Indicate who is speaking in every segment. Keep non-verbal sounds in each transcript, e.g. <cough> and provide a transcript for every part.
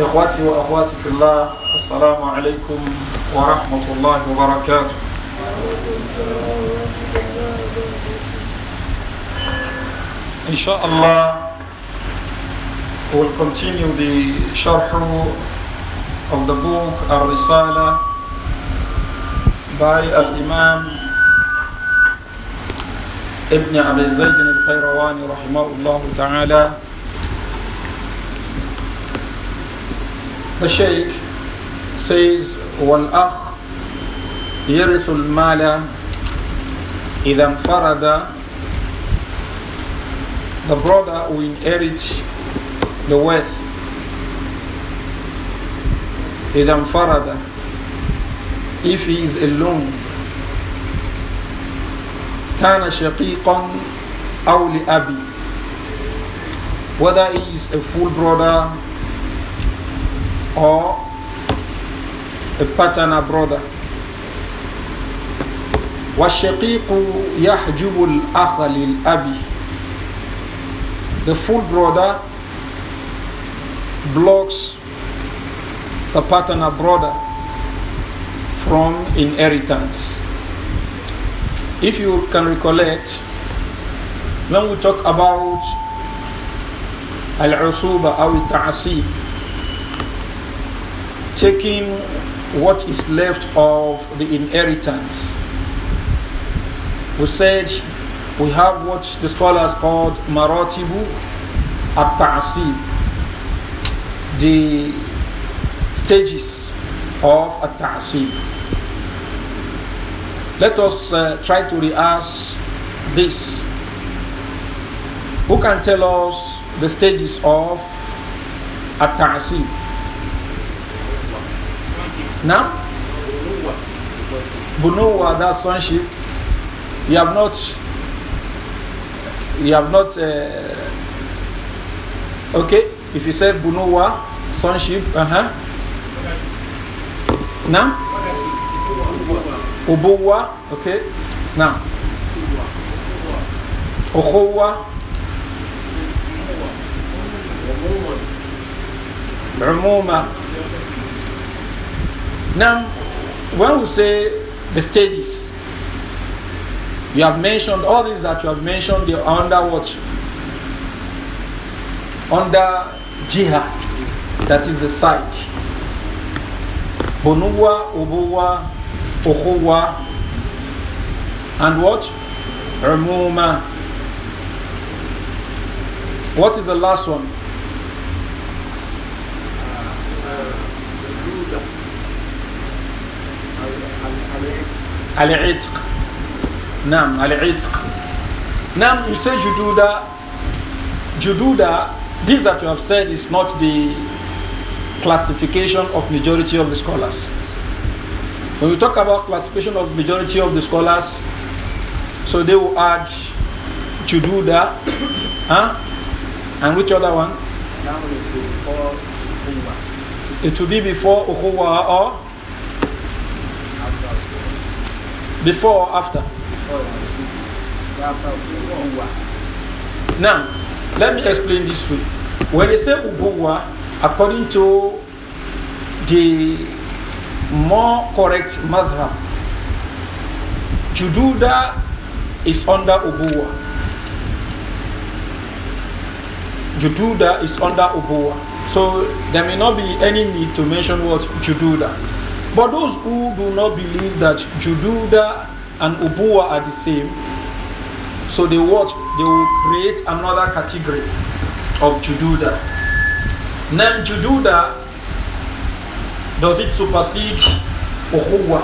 Speaker 1: إخواتي وأخواتي في الله السلام عليكم ورحمة الله وبركاته الله we'll continue the شرح of the book Al-Risala by الإمام imam Ibn Abi القيرواني Al-Qayrawani تعالى The Shaykh says, وَالْأَخْ يرث المال إذا انفرد The brother who inherit the wealth إذا انفرد If he is alone كان شقيقا أو لأبي Whether he is a full brother or a paternal brother. والشقيق يحجب الأخ للأبي The full brother blocks the paternal brother from inheritance. If you can recollect, when we talk about al-usuba or al-ta'asib, taking what is left of the inheritance. We said we have what the scholars called Marotibu at the stages of at Let us uh, try to rehearse this. Who can tell us the stages of at Now, bunuwa that sonship, you have not, you have not, uh, okay, if you say bunuwa sonship, uh huh. Now, Obowa, okay, now, Ochowa, Umuma. Now, when we say the stages, you have mentioned all these that you have mentioned, they are under what? Under jihad, that is the site. Bonuwa, Obuwa, Uhuwa, and what? Ramuma. What is the last one? Uh, uh, Al-Itq. Nam, Al-Itq. Nam, you say Jududa. Jududa, this that you have said is not the classification of majority of the scholars. When we talk about classification of majority of the scholars, so they will add Jududa, huh? and which other one? It will be before Uhuwa or Before or after? Now, let me explain this way. When they say ubuwa, according to the more correct madhab, jududa is under ubuwa. Jududa is under ubuwa. So there may not be any need to mention what jududa. But those who do not believe that Jududa and Ubuwa are the same, so they they will create another category of Jududa. Name Jududa does it supersede Uhuwa?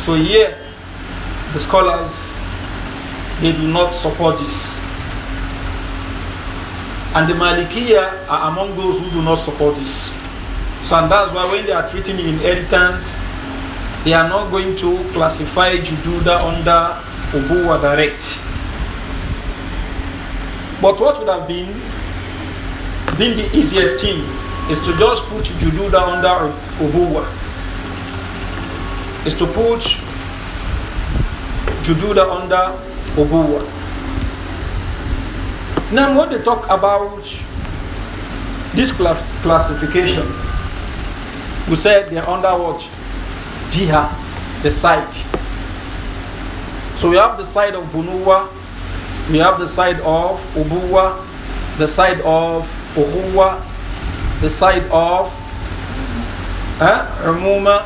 Speaker 1: So here the scholars they do not support this. And the Malikiya are among those who do not support this. So and that's why when they are treating inheritance, they are not going to classify Jududa under Obuwa direct. But what would have been been the easiest thing is to just put Jududa under Obuwa. Is to put Jududa under Obuwa. Now when they talk about this class classification we said they're under watch. Jiha, the side. So we have the side of Bunuwa, we have the side of Ubuwa, the side of Uhuwa, the side of uh, eh, Umuma,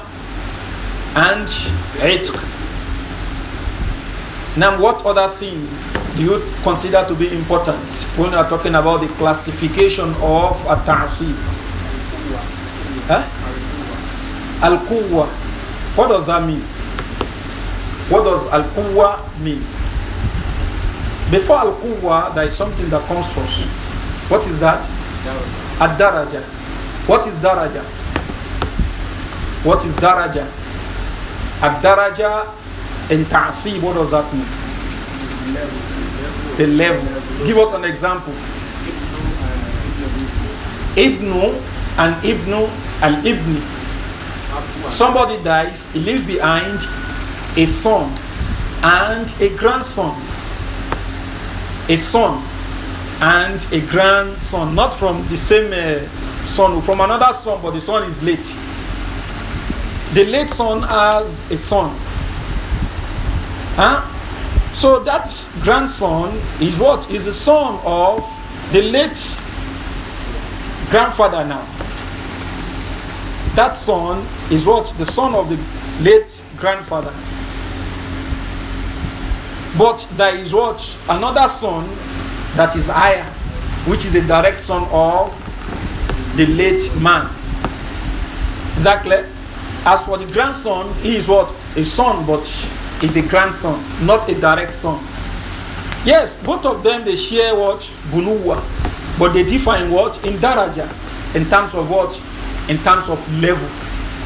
Speaker 1: and Itq. Now, what other thing do you consider to be important when you are talking about the classification of a ta'asib? Huh? Eh? Al Quwwa. What does that mean? What does Al Quwwa mean? Before Al Quwwa, there is something that comes first. What is that? Ad Daraja. What is Daraja? What is Daraja? Ad Daraja and Ta'asib. What does that mean? The level. Give us an example. Ibnu and Ibnu al Ibni. Somebody dies, he leaves behind a son and a grandson. A son and a grandson, not from the same uh, son, from another son, but the son is late. The late son has a son. Huh? So that grandson is what? Is the son of the late grandfather now. That son is what? The son of the late grandfather. But there is what? Another son that is higher, which is a direct son of the late man. Exactly. As for the grandson, he is what? A son, but is a grandson, not a direct son. Yes, both of them they share what? Buluwa. But they differ in what? In Daraja. In terms of what? In terms of level.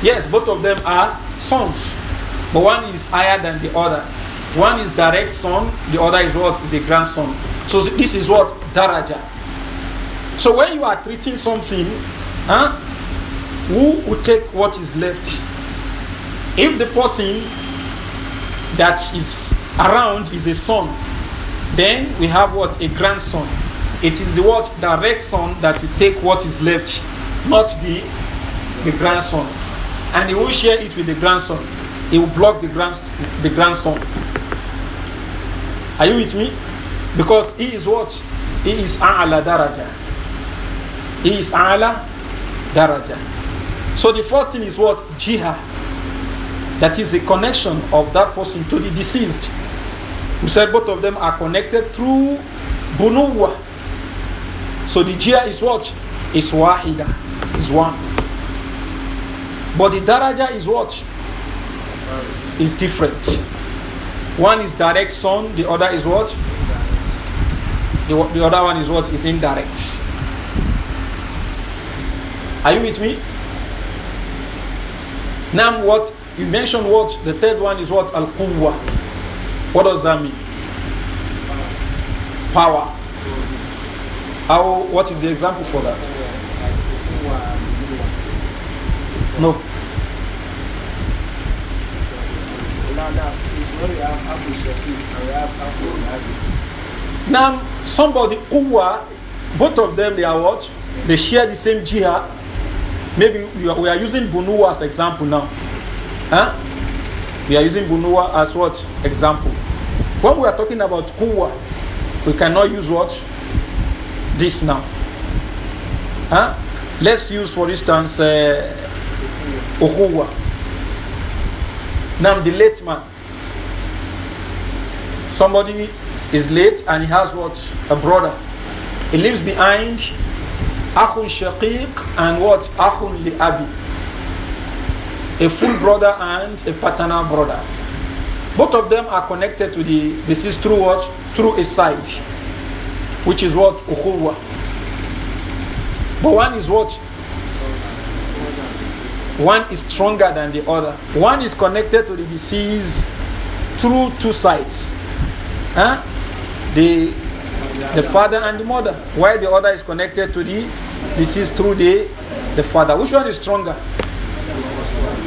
Speaker 1: Yes, both of them are sons, but one is higher than the other. One is direct son, the other is what is a grandson. So this is what daraja. So when you are treating something, huh, who will take what is left? If the person that is around is a son, then we have what a grandson. It is the what direct son that will take what is left, not the the grandson and he will share it with the grandson. He will block the, grand, the grandson. Are you with me? Because he is what? He is A'la Daraja. He is A'la Daraja. So the first thing is what? Jihad. That is the connection of that person to the deceased. We said both of them are connected through Bunuwa. So the jihad is what? Is Wahida. Is one. But the daraja is what? Is different. One is direct son, the other is what? The, the other one is what? Is indirect. Are you with me? Now what you mentioned what the third one is what al quwwa What does that mean? Power. How what is the example for that? No. Now, somebody, are both of them, they are what? They share the same Jia. Maybe we are, we are using Bunua as example now. Huh? We are using Bunua as what? Example. When we are talking about Kuwa, we cannot use what? This now. Huh? Let's use, for instance, uh, Uhuwa. Now the late man. Somebody is late and he has what? A brother. He leaves behind Akhun Shaqiq and what? Akhun Li Abi. A full brother and a paternal brother. Both of them are connected to the this is through what? Through a side. Which is what? Uhuwa. But one is what? One is stronger than the other. One is connected to the disease through two sides. Huh? The the father and the mother. While the other is connected to the disease through the the father. Which one is stronger?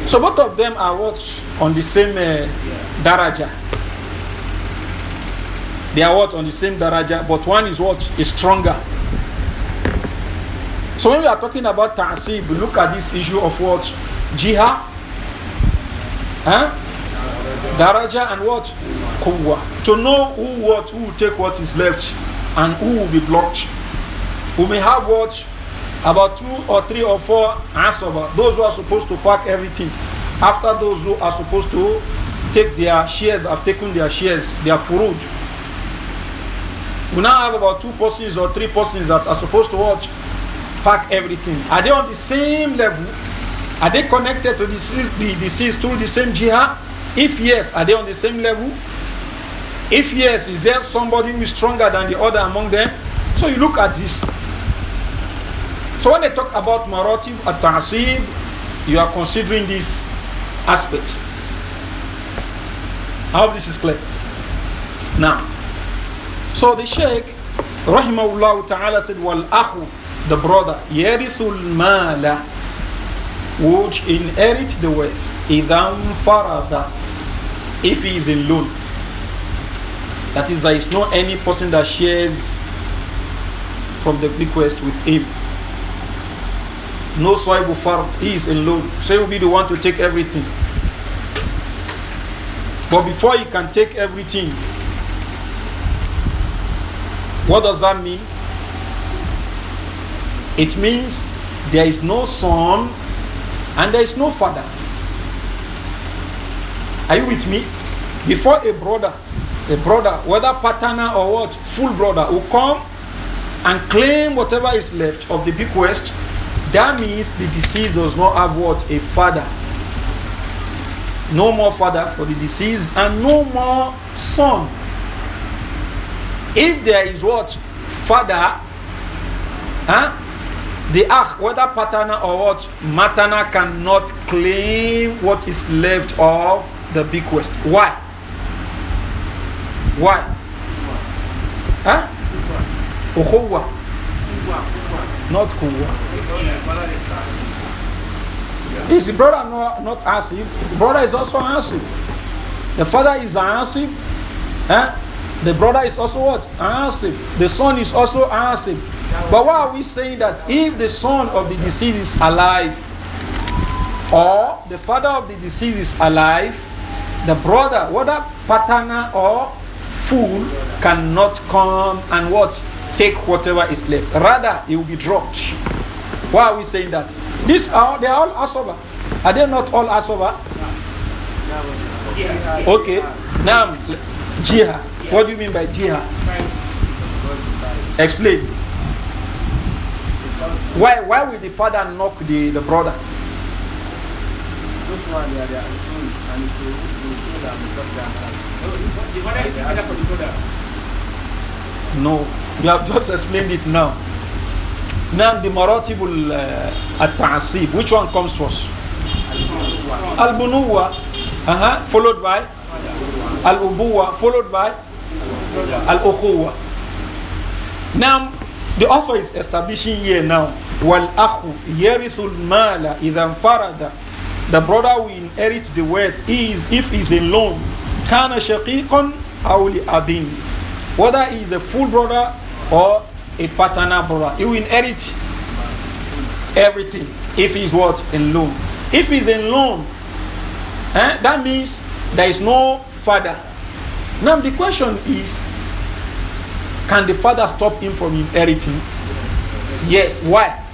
Speaker 1: So both of them are what on the same uh, daraja. They are what on the same daraja, but one is what is stronger so when we are talking about ta'asib, look at this issue of what? jihā, huh? Daraja and what? Quwwa. To know who what, who will take what is left and who will be blocked. We may have what? About two or three or four asaba, those who are supposed to pack everything. After those who are supposed to take their shares, have taken their shares, their furud. We now have about two persons or three persons that are supposed to watch pack everything? Are they on the same level? Are they connected to the disease, through the same jihad? If yes, are they on the same level? If yes, is there somebody who is stronger than the other among them? So you look at this. So when they talk about maratib at ta'asib, you are considering these aspects. I hope this is clear. Now, so the Sheikh, rahimahullah ta'ala, said, wal akhu the brother يرث المال would inherit the wealth إذا farada if he is alone that is there is no any person that shares from the bequest with him no swaibu fard he is alone so he will be the one to take everything but before he can take everything what does that mean it means there is no son and there is no father. Are you with me? Before a brother, a brother, whether paternal or what, full brother, will come and claim whatever is left of the bequest, that means the deceased does not have what? A father. No more father for the deceased and no more son. If there is what? Father, huh? The akh, whether paternal or what, maternal cannot claim what is left of the bequest. Why? Why? Huh? Not kuwa. Is the brother not, not asking? The brother is also asking. The father is asking. Huh? The brother is also what? Ansib. The son is also Ansib. But why are we saying that if the son of the deceased is alive, or the father of the deceased is alive, the brother, whether paternal or fool, cannot come and what? Take whatever is left. Rather, he will be dropped. Why are we saying that? These are they are all Asoba. Are they not all Asoba? Okay. Now, Jihad. What do you mean by jihad? Explain. Why why will the father knock the, the brother? No, we have just explained it now. Now the maratibul uh, at-ta'asib, which one comes first? Al-bunuwa, uh -huh. followed by Al-ubuwa, followed by Al-ukhuwa. Now, the offer is establishing here now. Wal-akhu yarithul mala idhan farada. The brother will inherit the wealth he is if he's alone. Kana shaqiqan aw abin. Whether he is a full brother or a paternal brother, he will inherit everything if he's what alone. If he's alone, eh, that means there is no father now the question is, can the father stop him from inheriting? Yes. Why?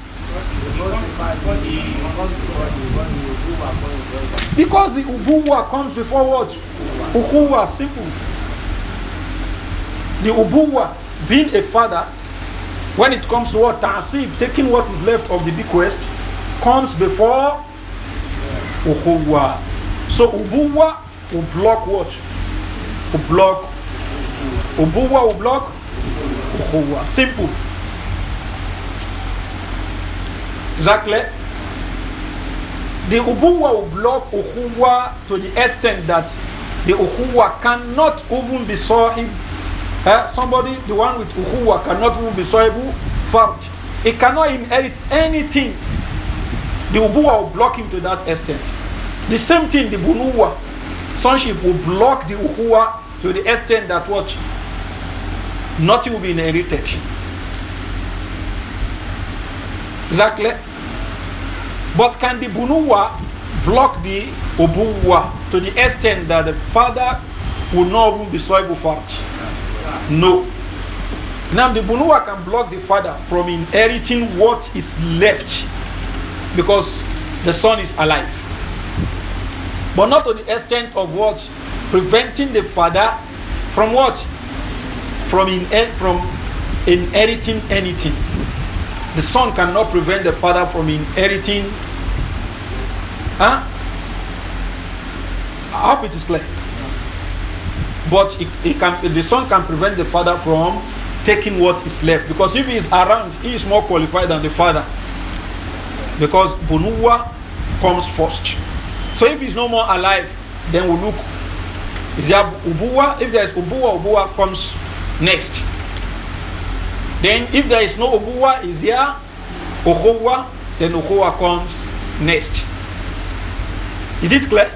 Speaker 1: Because the ubuwa comes before what? Uhuwa, simple. The ubuwa, being a father, when it comes to what? tansib taking what is left of the bequest, comes before uhuwa. So ubuwa will block what? ublock ubuwa ublock ukhuwa simple is the ubuwa will block ukhuwa to the extent that the ukhuwa cannot even be sahib uh, somebody the one with ukhuwa cannot even be sahibu fard he cannot inherit anything the ubuwa will block him to that extent the same thing the bunuwa sonship will block the ukhuwa to the extent that what nothing will be inherited. Exactly. But can the bunuwa block the obuwa to the extent that the father will not even be soible for it? No. Now the bunuwa can block the father from inheriting what is left because the son is alive. But not to the extent of what preventing the father from what? From in eh, from inheriting anything. The son cannot prevent the father from inheriting. Huh? I hope it is clear. But can, the son can prevent the father from taking what is left. Because if he is around, he is more qualified than the father. Because Bonuwa comes first. So if he's no more alive, then we look is there ubuwa? If there is ubuwa, ubuwa comes next. Then if there is no ubuwa, is there ukhuwa? Then ukhuwa comes next. Is it clear?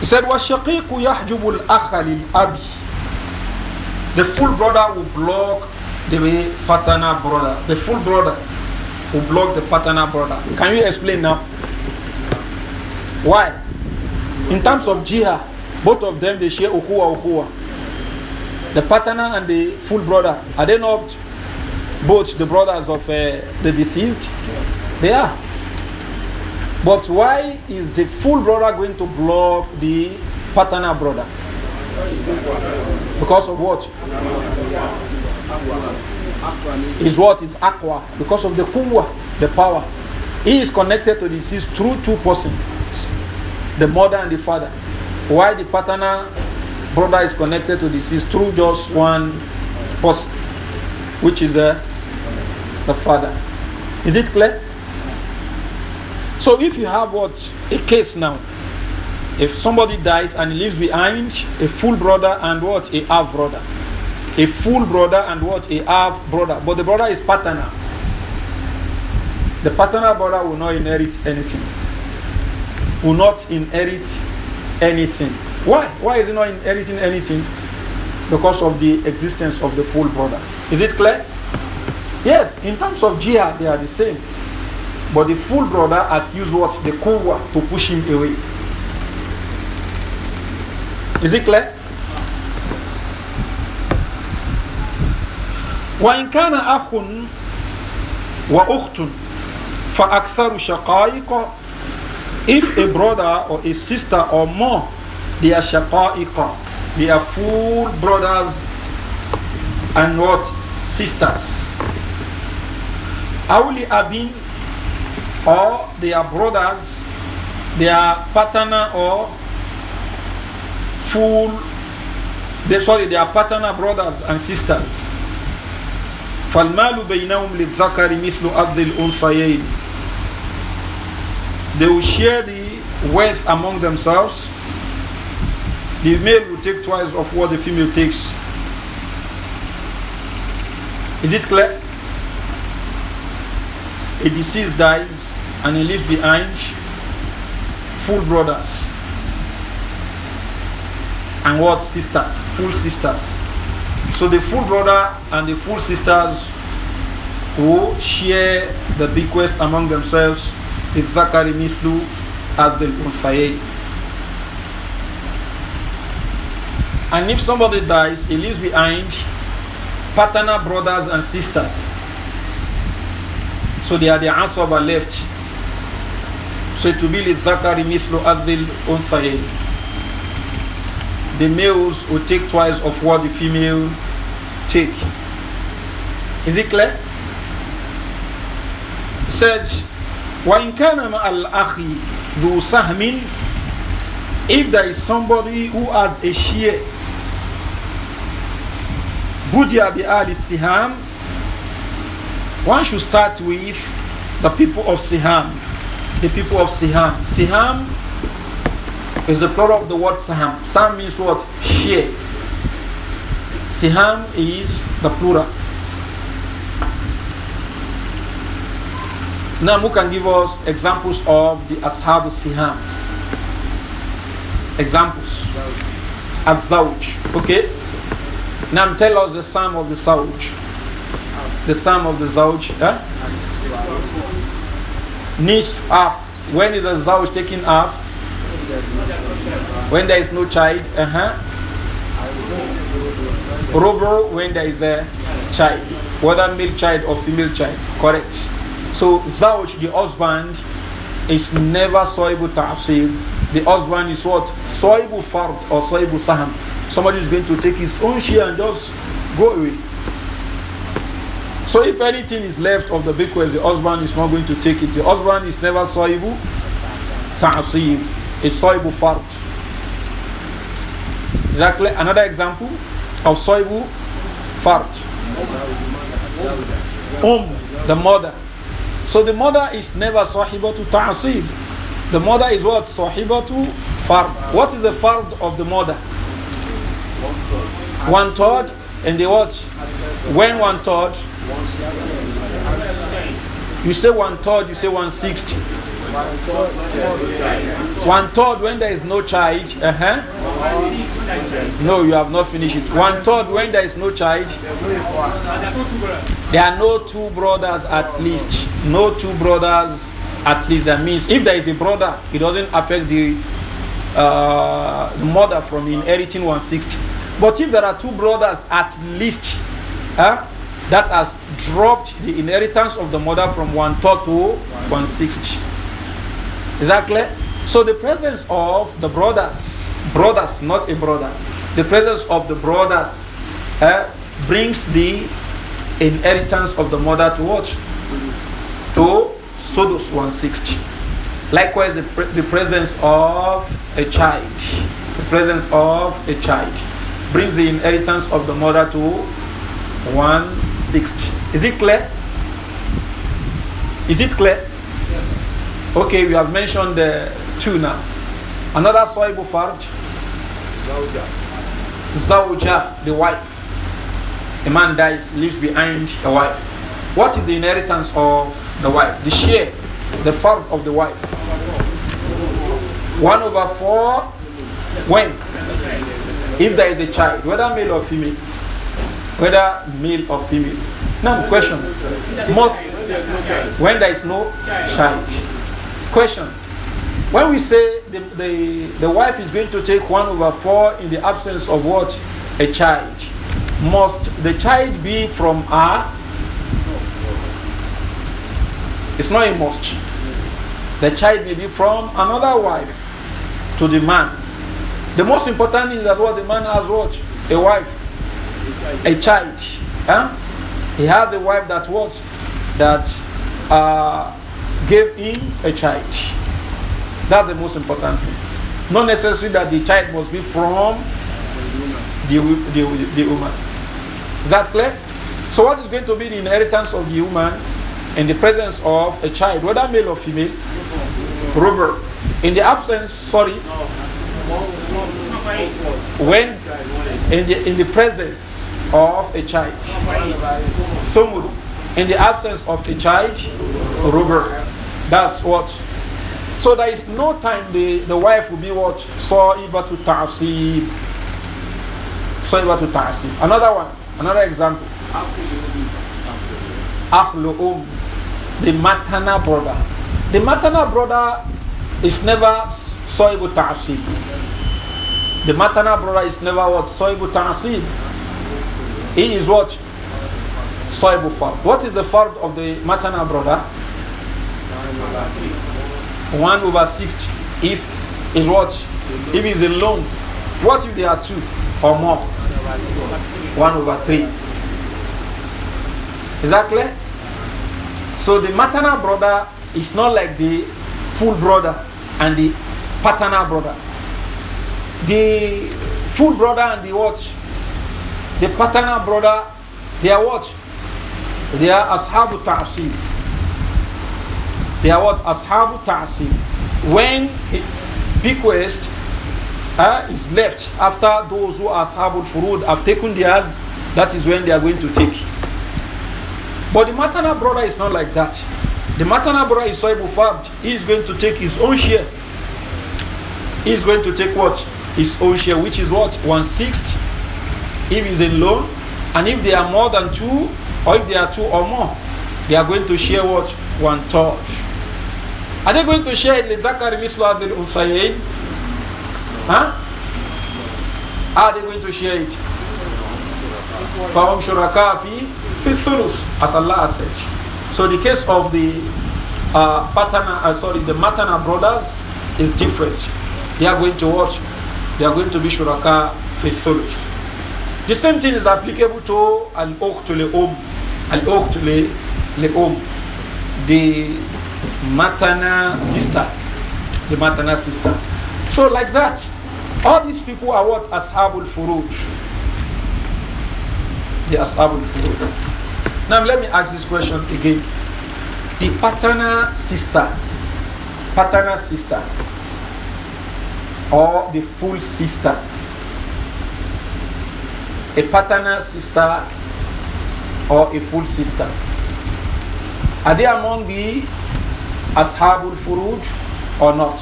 Speaker 1: He said, وَالشَّقِيقُ يَحْجُبُ الْأَخَ لِلْأَبِي The full brother will block the paternal brother. The full brother will block the paternal brother. Can you explain now? Why? In terms of Jia, both of them they share Uhuwa Uhuwa. The partner and the full brother, are they not both the brothers of uh, the deceased? They are. But why is the full brother going to block the partner brother? Because of what? Is what is aqua? Because of the kuwa, the power. He is connected to the deceased through two persons the mother and the father. Why the paternal brother is connected to this is through just one person, which is the, uh, the father. Is it clear? So if you have what a case now, if somebody dies and leaves behind a full brother and what a half brother, a full brother and what a half brother, but the brother is paternal. The paternal brother will not inherit anything will not inherit anything. Why? Why is he not inheriting anything? Because of the existence of the full brother. Is it clear? Yes, in terms of jihad, they are the same. But the full brother has used what? The kuwa to push him away. Is it clear? وإن كان أخ وأخت فأكثر شقائق if a brother or a sister or more, they are shaqa'iqa, they are full brothers and what? Sisters. Auli abin, or they are brothers, they are partner or full, they, sorry, they are partner brothers and sisters. فالمال بينهم للذكر مثل أرض الأنثيين they will share the wealth among themselves. The male will take twice of what the female takes. Is it clear? A deceased dies and he leaves behind full brothers and what sisters, full sisters. So the full brother and the full sisters will share the bequest among themselves للذكر Zakari mislu the unsaye. And if somebody dies, he leaves behind paternal brothers and sisters. So they are the answer left. So to be Zakari mislu as the The males will take twice of what the female take. Is it clear? said وإن كان مع الأخ ذو سهم if there is somebody who has a share بدي بآل السهام one should start with the people of Siham the people of Siham Siham is the plural of the word Saham Saham means what? share Siham is the plural Now, who can give us examples of the Ashab Siham? Examples. Azawj. Okay? Now, tell us the Psalm of the Zawj. The Psalm of the Zawj. Huh? Eh? When is a Zawj taken half? When there is no child. Uh-huh. Robo when there is a child. Whether male child or female child. Correct. So Zawj, the husband, is never Soibu Ta'asib. The husband is what? Soibu Fard or Soibu Saham. Somebody is going to take his own share and just go away. So if anything is left of the bequest, the husband is not going to take it. The husband is never Soibu Ta'asib. It's Soibu Fard. Exactly. Another example of Soibu Fard. Um, the mother. So the mother is never sahibatu ta'asib. The mother is what? Sahibatu fard. What is the fard of the mother? One third. And the what? When one third? You say one third, you say one sixty. One third when there is no child. Uh -huh. No, you have not finished it. One third when there is no child. There are no two brothers at least. No two brothers at least. That means if there is a brother, it doesn't affect the, uh, mother from inheriting one sixth. But if there are two brothers at least, huh, that has dropped the inheritance of the mother from one third to one sixth. Is that clear? So the presence of the brothers, brothers, not a brother, the presence of the brothers eh, brings the inheritance of the mother to what? To Sodos 160. Likewise, the, pre the presence of a child, the presence of a child brings the inheritance of the mother to 160. Is it clear? Is it clear? Yes. Okay, we have mentioned the two now. Another soluble Farj. Zawja. Zawja, the wife. A man dies, leaves behind a wife. What is the inheritance of the wife? The share, the farm of the wife. One over four. When? If there is a child, whether male or female. Whether male or female. No question. Most when there is no child. Question. When we say the, the, the wife is going to take 1 over 4 in the absence of what? A child. Must the child be from her? It's not a must. The child may be from another wife to the man. The most important is that what the man has what? A wife. A child. Huh? He has a wife that what? That uh, gave him a child. That's the most important thing. Not necessarily that the child must be from the, the, the, the woman. Is that clear? So, what is going to be the inheritance of the woman in the presence of a child, whether male or female? Rubber. In the absence, sorry. When in the in the presence of a child, sumud. In the absence of a child, rubber. That's what. So there is no time the, the wife will be what? iba to ta'asib. iba to ta'asib. Another one, another example. um. The maternal brother. The maternal brother is never Soibu ta'asib. The maternal brother is never what? Soibu ta'asib. He is what? Soibu far. What is the far of the maternal brother? 1 over 6 if is what? If it's a loan. What if there are two or more? 1 over 3. Is that clear? So the maternal brother is not like the full brother and the paternal brother. The full brother and the what? The paternal brother, they are what? They are ashabu ta'asib. They are what? Ashabu Ta'asim. When bequest uh, is left after those who are Ashabul Furud have taken theirs, that is when they are going to take. But the maternal brother is not like that. The maternal brother is Soibu Fard. He is going to take his own share. He is going to take what? His own share, which is what? One sixth. If he's alone, and if there are more than two, or if there are two or more, they are going to share what? One third. Are they going to share لِذَكَرِ مِثْلُ هَذِي الْأُنْثَيَيْنِ Huh? Are they going to share it? فَهُمْ شُرَكَاءَ fi الثُّلُثِ As Allah said. So the case of the uh, patana, uh, sorry, the matana brothers is different. They are going to watch. They are going to be shuraka fi The same thing is applicable to al-ukht li-um. Al-ukht li The maternal sister. The maternal sister. So like that. All these people are what? Ashabul Furuj. The Ashabul Furuj. Now let me ask this question again. The paternal sister, paternal sister, or the full sister. A paternal sister or a full sister. Are they among the Ashabul Furuj or not?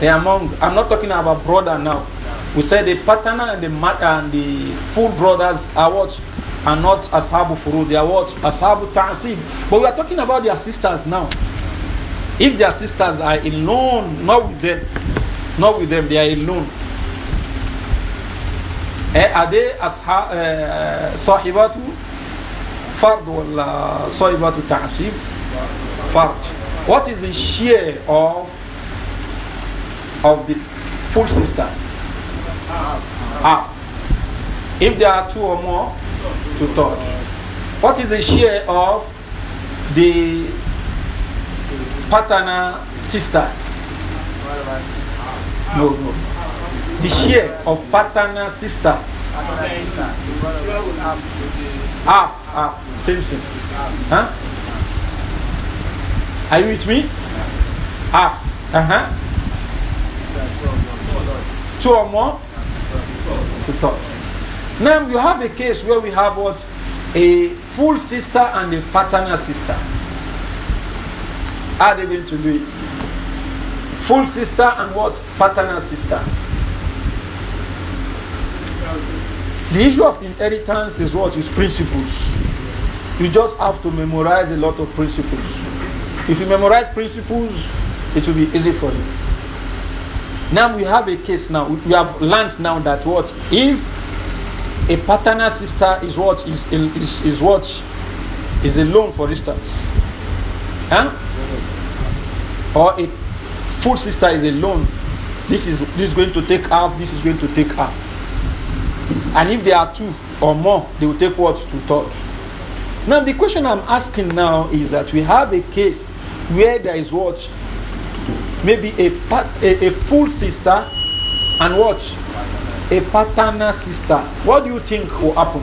Speaker 1: They are among, I'm not talking about brother now. We said the partner and the and the full brothers are what? Are not Ashabul Furuj, they are what? Ashabul Ta'asib. But we are talking about their sisters now. If their sisters are alone, not with them, not with them, they are alone. Eh, are they eh, Sahibatu Fard or Sahibatu Ta'asib? Fact. What is the share of of the full sister? Half. If there are two or more, two thirds. What is the share of the paternal sister? No, no. The share of paternal sister. Half, half, same thing. Huh? Are you with me? Half. Ah, uh huh. Two or more? or touch. Now you have a case where we have what? A full sister and a paternal sister. How are they going to do it? Full sister and what? Paternal sister. The issue of inheritance is what? Is principles. You just have to memorize a lot of principles. If you memorize principles, it will be easy for you. Now we have a case now. We have learned now that what if a paternal sister is what is is, is what is a loan, for instance, huh? Or a full sister is a loan. This is this is going to take half. This is going to take half. And if there are two or more, they will take what to thought. Now the question I'm asking now is that we have a case where there is what? Maybe a, a, a full sister and what? A paternal sister. What do you think will happen?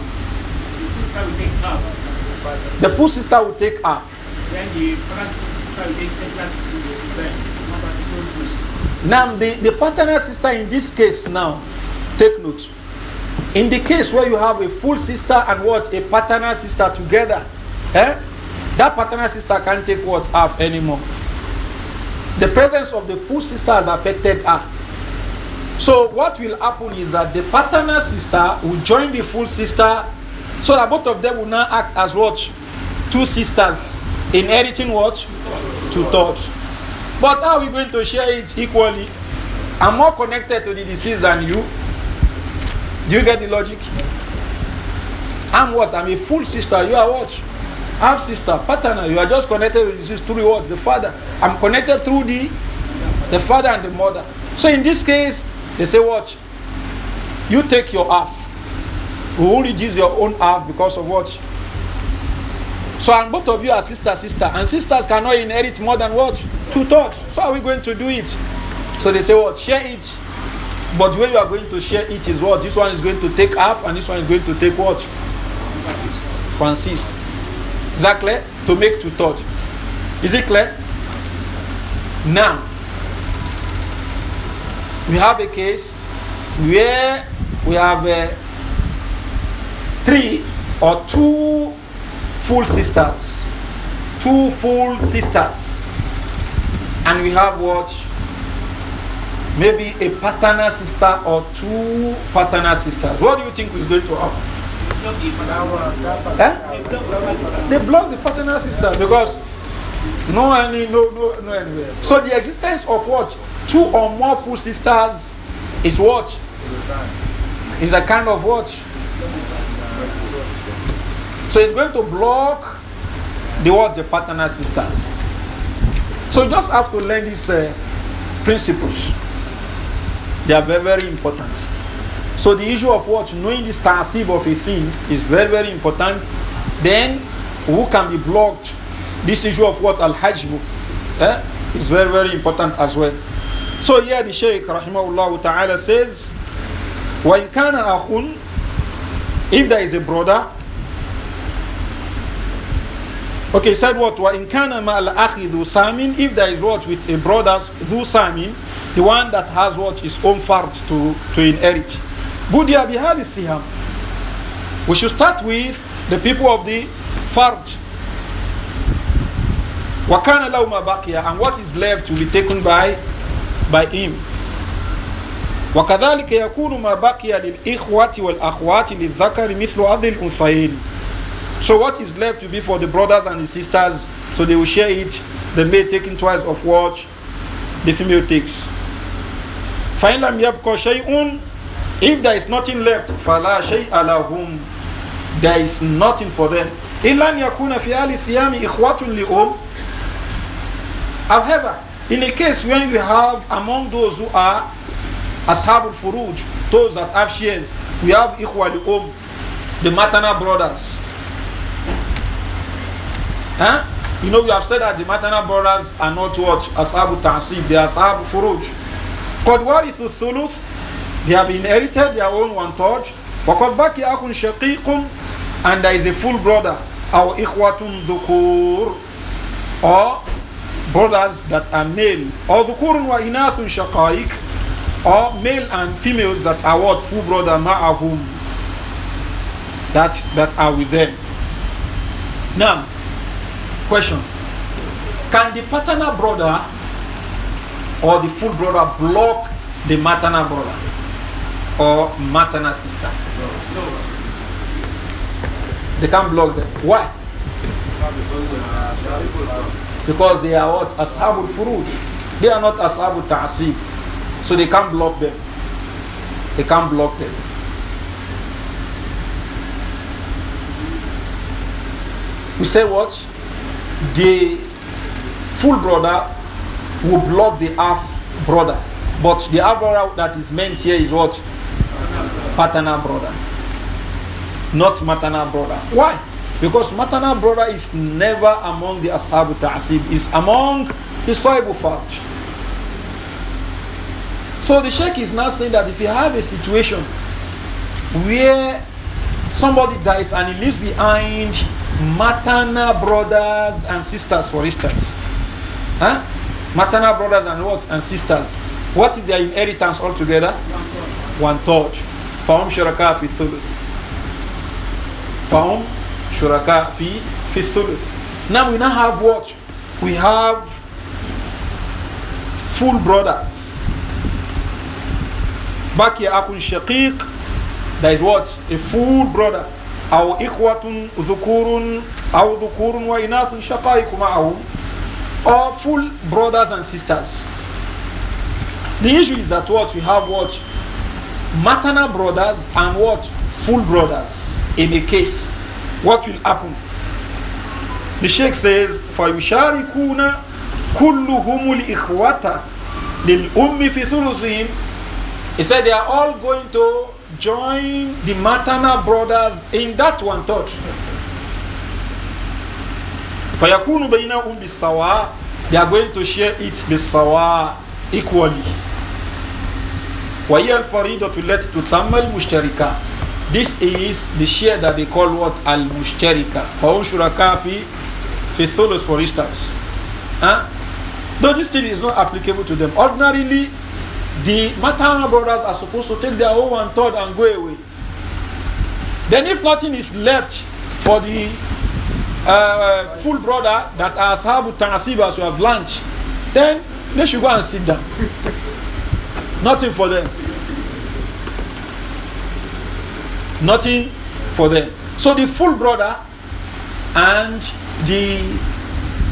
Speaker 1: The full sister will take half. Now, the, the paternal sister in this case, now, take note. In the case where you have a full sister and what? A paternal sister together, eh? That paternal sister can't take what half anymore. The presence of the full sister has affected her. So what will happen is that the paternal sister will join the full sister so that both of them will now act as what? Two sisters inheriting what? Two thoughts. But how are we going to share it equally? I'm more connected to the disease than you. Do you get the logic? I'm what? I'm a full sister. You are what? half sister, partner. You are just connected with these three words. The father. I'm connected through the the father and the mother. So in this case, they say, What? You take your half. We will your own half because of what? So and both of you are sister, sister, and sisters cannot inherit more than what? Two thirds. So are we going to do it? So they say, What? Share it. But where you are going to share it is what? This one is going to take half, and this one is going to take what? Francis. Is that clear? To make two thirds. Is it clear? Now, we have a case where we have uh, three or two full sisters. Two full sisters. And we have what? Maybe a paternal sister or two paternal sisters. What do you think is going to happen? Eh? They block the paternal system because no any no no no anywhere. So the existence of what two or more full sisters is what is a kind of what. So it's going to block the what the paternal sisters. So you just have to learn these uh, principles. They are very, very important. So the issue of what knowing the ta'asib of a thing is very, very important. Then who can be blocked? This issue of what al-hajbu eh, is very, very important as well. So here the Shaykh rahimahullah ta'ala says, وَإِنْ كَانَ أَخٌ If there is a brother, Okay, said what? Wa in kana ma'al akhi dhu If there is what with a brother dhu samin, the one that has what his own fard to, to inherit. Budia bihadi siyam. We should start with the people of the Farj. Wakana lauma bakia, and what is left will be taken by by him. وكذلك يكون ما بقي للإخوة والأخوات للذكر مثل هذه الأنثيين. So what is left to be for the brothers and the sisters, so they will share it, the male taking twice of what the female takes. فإن لم يبقى شيء if there is nothing left, فَلَا شَيْءَ لَهُمْ There is nothing for them. إِلَّا يَكُونَ فِي أَهْلِ الصِّيَامِ إِخْوَةٌ لِأُمْ However, in a case when we have among those who are Ashabul Furuj, those that have shares, we have Ikhwali Om, the maternal brothers. Huh? You know, we have said that the maternal brothers are not what? Ashabul Tansib, they are Ashabul Furuj. قد the الثلث they have inherited their own one third. وَقَدْ بَكِ أَخٌ شَقِيقٌ And there is a full brother. أَوْ إِخْوَةٌ ذُكُورٌ Or brothers that are male. Or ذُكُورٌ وَإِنَاثٌ شَقَائِقٌ Or male and females that are what? Full brother ma'ahum. That, that are with them. Now, question. Can the paternal brother or the full brother block the maternal brother? or maternal sister. They can't block them. Why? Because they are what? Ashabul Furuj. They are not Ashabul Ta'asib. So they can't block them. They can't block them. We say what? The full brother will block the half brother. But the half brother that is meant here is what? paternal brother, not maternal brother. Why? Because maternal brother is never among the Asabu Ta'asib, is among the Sahib Farj. So the Sheikh is now saying that if you have a situation where somebody dies and he leaves behind maternal brothers and sisters, for instance, huh? maternal brothers and what and sisters, what is their inheritance altogether? One third. One third. فهم شركاء في الثلث فهم شركاء في في الثلث now we now have what we have full brothers back here أخ شقيق that is what a full brother أو إخوة ذكور أو ذكور وإناث شقائق معهم or full brothers and sisters the issue is that what we have what maternal brothers and what full brothers in a case what will happen the sheikh says فَيُشَارِكُونَ كُلُّهُمُ الْإِخْوَةَ لِلْأُمِّ فِي ثُلُثِهِمْ he said they are all going to join the maternal brothers in that one thought فَيَكُونُ بَيْنَهُمْ بِالسَّوَاء they are going to share it بِالسَّوَاء equally وهي الفريضة to تسمى المشتركة This is the share that they call what al-mushtarika. فهم شركاء في for instance. Huh? Though this thing is not applicable to them. Ordinarily, the Matana brothers are supposed to take their own one third and go away. Then if nothing is left for the uh, full brother that has half Ta'asib as we have lunch, then they should go and sit down. Nothing for them. Nothing for them. So the full brother and the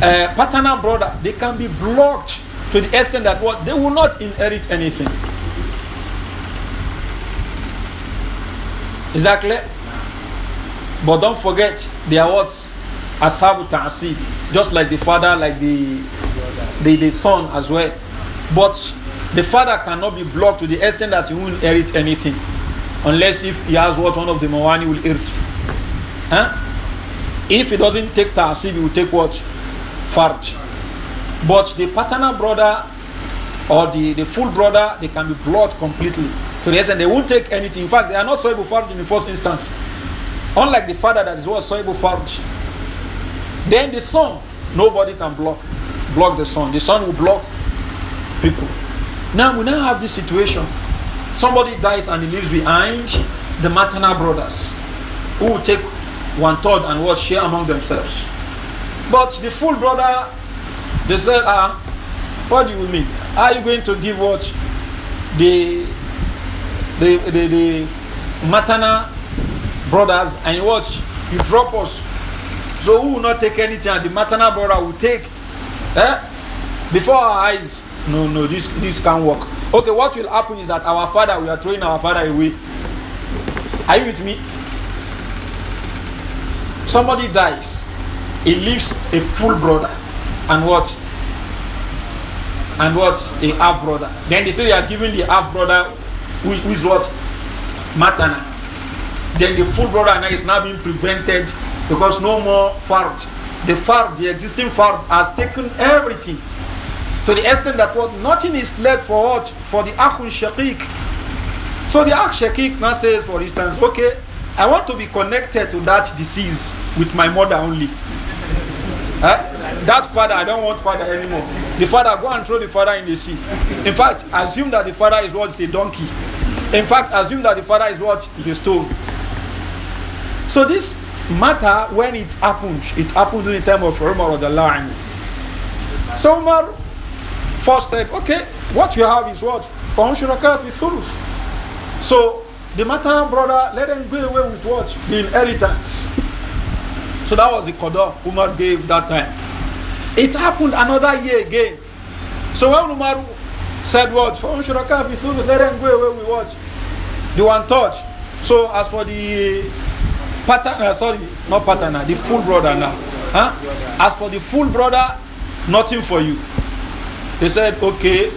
Speaker 1: uh, paternal brother, they can be blocked to the extent that what they will not inherit anything. Exactly. But don't forget they words what Ashabu Ta'asi, just like the father, like the, the the son as well. But the father cannot be blocked to the extent that he won't inherit anything. Unless if he has what one of the Mawani will inherit. Huh? If he doesn't take Tasib, he will take what? Farj. But the paternal brother or the, the full brother, they can be blocked completely. To the extent they won't take anything. In fact, they are not soluble Farj in the first instance. Unlike the father that is what soluble Farj. Then the son, nobody can block block the son. The son will block people. Now we now have this situation. Somebody dies and he leaves behind the maternal brothers who will take one third and what share among themselves. But the full brother, they said, ah, what do you mean? Are you going to give what the the the, the maternal brothers and what you drop us? So who will not take anything and the maternal brother will take eh? before our eyes no, no, this, this can't work. Okay, what will happen is that our father, we are throwing our father away. Are you with me? Somebody dies, he leaves a full brother, and what? And what? A half brother. Then they say they are giving the half brother, who is what? Matana. Then the full brother now is now being prevented because no more fard. The fard, the existing fard, has taken everything. To the extent that what nothing is left for what? For the Akhun Shaqiq. So the Akh Shaqiq now says, for instance, okay, I want to be connected to that disease with my mother only. Eh? That father, I don't want father anymore. The father, go and throw the father in the sea. In fact, assume that the father is what is a donkey. In fact, assume that the father is what is a stone. So this matter, when it happened, it happened during the time of Umar or the line. So Umar first step, okay, what you have is what? So the matter, brother, let them go away with what? The inheritance. So that was the qadr Umar gave that time. It happened another year again. So when Umar said what? For Unshuraka thuluth, let them go away with what? The one touch. So as for the pattern, uh, sorry, not pattern, uh, the full brother now. Huh? As for the full brother, nothing for you. They said, okay,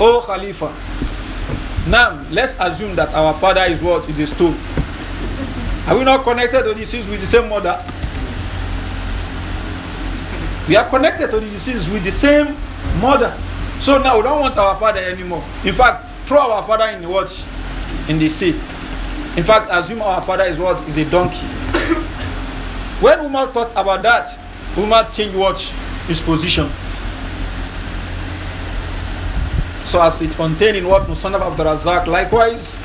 Speaker 1: O Khalifa, now let's assume that our father is what? Is a stone. Are we not connected to the sins with the same mother? We are connected to the sins with the same mother. So now we don't want our father anymore. In fact, throw our father in the watch In the sea. In fact, assume our father is what? Is a donkey. <coughs> when Umar thought about that, Umar changed watch His position. So as it contained in what Musanna Abdul Razak, likewise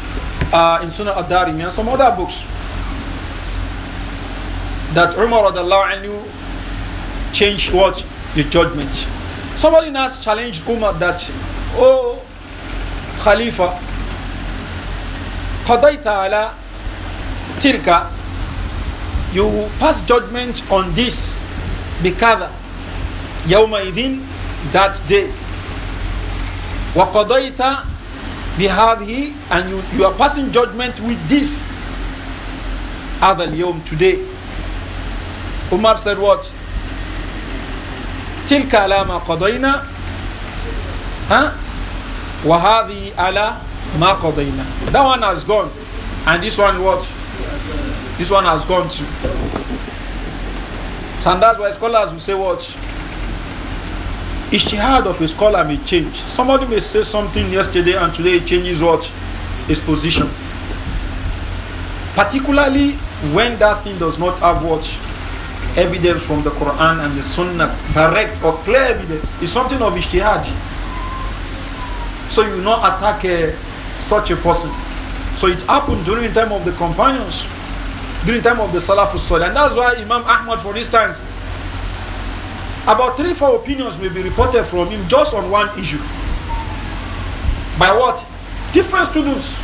Speaker 1: uh, in Sunnah Ad-Darimi and some other books that Umar anhu changed what? The judgment. Somebody has challenged Umar that, oh Khalifa, قضيت ala tilka, you pass judgment on this ya يومئذ that day وَقَضَيْتَ بِهَذِهِ And you, you are passing judgment with this. هذا yom today. Umar said what? تلك على ما قضينا وهذه على ما قضينا that one has gone and this one what this one has gone too so and that's why scholars will say what Ishtihad of a scholar may change. Somebody may say something yesterday and today it changes what? His position. Particularly when that thing does not have what? Evidence from the Quran and the Sunnah, direct or clear evidence. It's something of Ishtihad. So you not attack a, uh, such a person. So it happened during the time of the companions, during the time of the Salafus Salih. And that's why Imam Ahmad, for instance, about three, four opinions will be reported from him just on one issue. By what? Different students.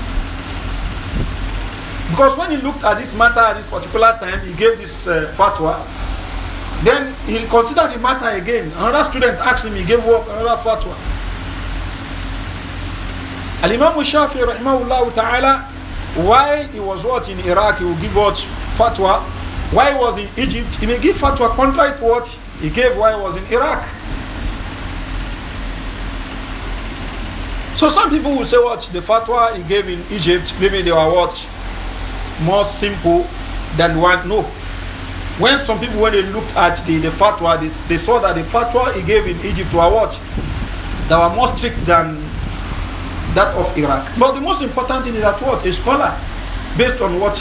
Speaker 1: Because when he looked at this matter at this particular time, he gave this uh, fatwa. Then he considered the matter again. Another student asked him, he gave what? Another fatwa. Al-Imam Shafi rahimahullah ta'ala, while he was what in Iraq, he would give what fatwa. While he was in Egypt, he may give fatwa contrary to what he gave while he was in Iraq. So some people will say what the fatwa he gave in Egypt, maybe they were what more simple than one. No. When some people when they looked at the, the fatwa, they, they saw that the fatwa he gave in Egypt were what? that were more strict than that of Iraq. But the most important thing is that what a scholar, based on what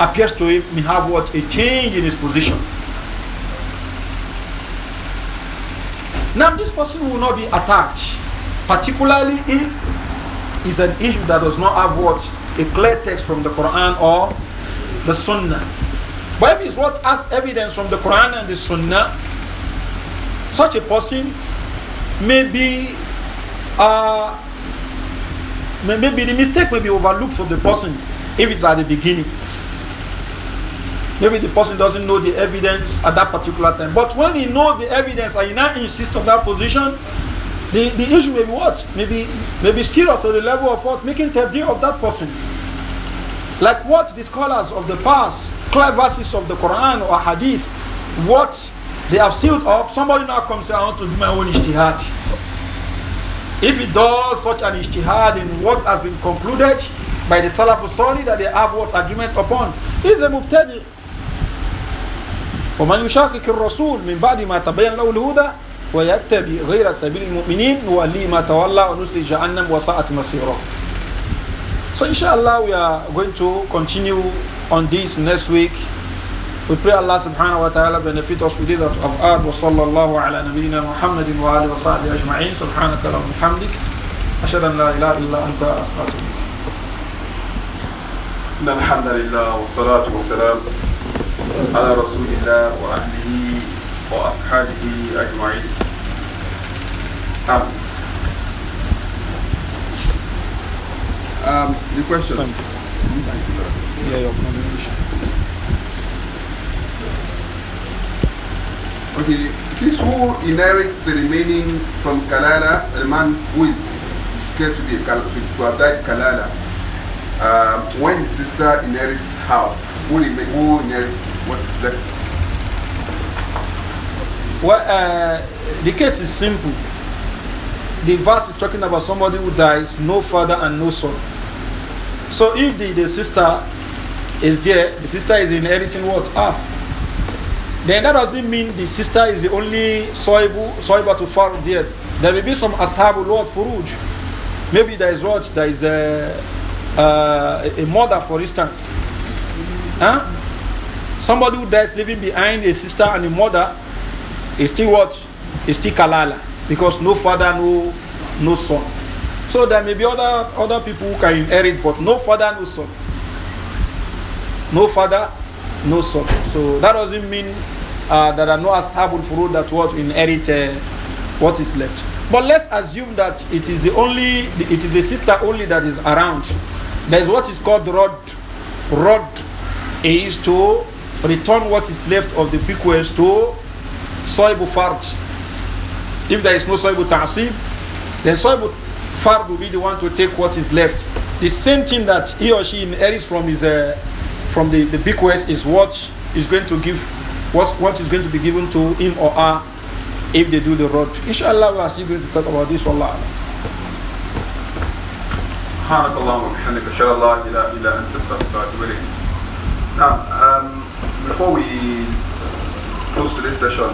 Speaker 1: appears to him, may have what a change in his position. Now this person will not be attacked, particularly if it's an issue that does not have what a clear text from the Quran or the Sunnah. But if it's what has evidence from the Quran and the Sunnah, such a person may be uh, maybe the mistake may be overlooked for the person if it's at the beginning. Maybe the person doesn't know the evidence at that particular time. But when he knows the evidence and he now insists on that position, the, the issue may be what? Maybe maybe serious or the level of what? Making tabdir of that person. Like what the scholars of the past, clear verses of the Quran or Hadith, what they have sealed up, somebody now comes and I want to do my own ijtihad. If he does such an ijtihad in what has been concluded by the Salafus Sali that they have what agreement upon, he's a muftadi. ومن يشاقق الرسول من بعد ما تبين له الهدى ويتبع غير سبيل المؤمنين نولي ما تولى ونسلي جهنم وساءت مصيره So inshallah we are going to continue on this next week. We pray Allah subhanahu wa ta'ala benefit us with it of art wa sallallahu ala nabiyyina Muhammadin wa alihi wa sahbihi ajma'in. Subhanaka wa bihamdik. أشهد أن لا إله إلا أنت أستغفرك إن wa salatu wa salam على رسول الله وأهله وأصحابه أجمعين Um, the um, questions. Thank you. Thank you Yeah, your Okay, this who inherits the remaining from Kalala, the man who is declared to be to, to have died Kalala, uh, when his sister inherits how? Who, who inherits what is left? Well, uh, the case is simple. The verse is talking about somebody who dies, no father and no son. So if the, the sister is there, the sister is inheriting what? Half then that doesn't mean the sister is the only soluble soluble to far there. There may be some ashabu, what furuj. Maybe there is what there is a, uh, a, a mother, for instance, huh? Somebody who dies leaving behind a sister and a mother is still what? Is still Kalala. Because no father, no no son. So there may be other other people who can inherit, but no father, no son. No father, no son. So that doesn't mean uh, there are no ashabul furud that what inherit uh, what is left. But let's assume that it is the only, it is the sister only that is around. There's what is called rod. Rod is to return what is left of the bequest to Soibu Fard. If there is no Soibu Ta'asib, then Soibu Fard will be the one to take what is left. The same thing that he or she inherits from his uh, from the, the bequest is what is going to give what, what is going to be given to him or her if they do the road. Inshallah, we are still going to talk about this. Wallah. سبحانك اللهم وبحمدك اشهد ان لا اله الا انت استغفرك واتوب اليك. Now, um, before we close today's session,